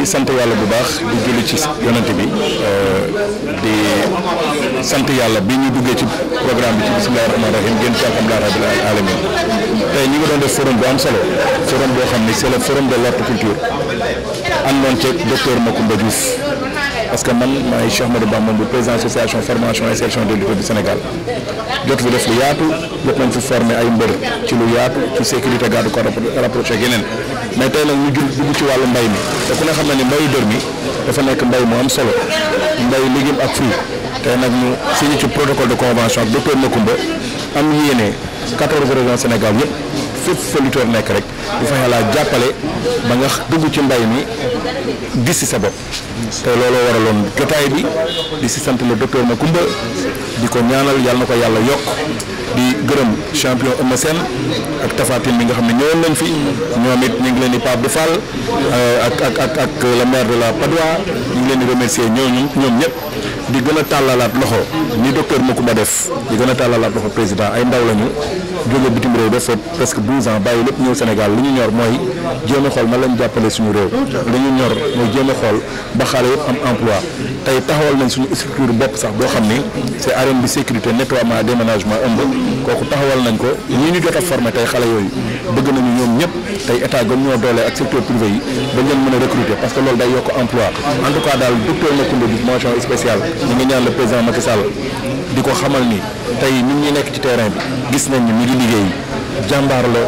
di sant yàlla bu baax di julli ci yonante bi euh, di sant yàlla bi ñu duggee ci programme bi ci bisimilah rahmaani rahiim gën ci alhamdulilah rabbil alamin tey ñu ngi doon def forum bu am solo forum boo xam ne c'est le forum de l'horticulture àndoon ceeg docteur Macoumba Diouf parce que man maay Cheikh Ahmadou Bamba bu président association formation et section de lutte du Sénégal jot fi def lu yaatu jot nañ fi former ay mbër ci lu yaatu ci sécurité garde corps rapproché ak yeneen mais tey nag ñu jul dugg ci wàllu mbay mi te ku ne xam na ni mbayu dër mi dafa nekk mbay mu am solo mbay légume ak fruit tey nag ñu signé ci protocole de convention ak docteur Macoumba am yéene 14 régions Sénégal yëpp fépp fa lutteur nekk rek bu fexe laa jàppale ba nga dugg ci mbay mi gis si sa bopp te looloo waraloon jotaay bi di si sant le na Macoumba di ko ñaanal yàlla na ko yàlla yokk di gërëm champion Eumeu Sène ak Tafatine bi nga xam ne ñëwoon nañ fi ñoom it ñu ngi leen di Pape du Fall euh, ak ak ak ak le maire de la Padoa ñu ngi leen di remercier ñooñu ñoom ñëpp di gën a tàllalaat loxo ni ku Macoumba def di gën a tàllalaat loxo président ay ndaw lañu jóge bitim réew def fa presque 12 ans bàyyi lépp ñëw Sénégal li ñu ñor mooy jéem a xool na lañ jàppale suñu réew li ñu ñor mooy jéem a xool ba xale yëpp am emploi tey taxawal nañ suñu structure bopp sax boo xam ni c'est arène bi sécurité nettoiement déménagement ëmb kooku taxawal nañ ko ñi ñu jot a tey xale yooyu bëgg nañu ñoom ñëpp tey état gën ñoo doole ak secteur privé yi dañ leen mën a recruter parce que loolu day yokk emploi en daal docteur ñu nekk ci terrain bi gis nañ ngi liggéey jàmbaar la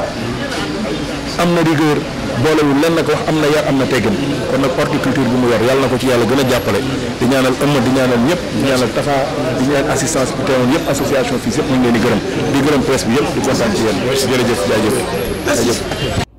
am na rigueur boolewul lenn ko wax am na yar am na teggin kon nag horticulture bi mu yor yàlla na ko ci yàlla gën a jàppale di ñaanal ëmma di ñaanal ñëpp di ñaanal tafa di ñaan assistance bi teewoon yëpp association fii yëpp ñu di gërëm di gërëm presse bi yëpp di kontaan ci yéen jërëjëf jaajëf jaajëf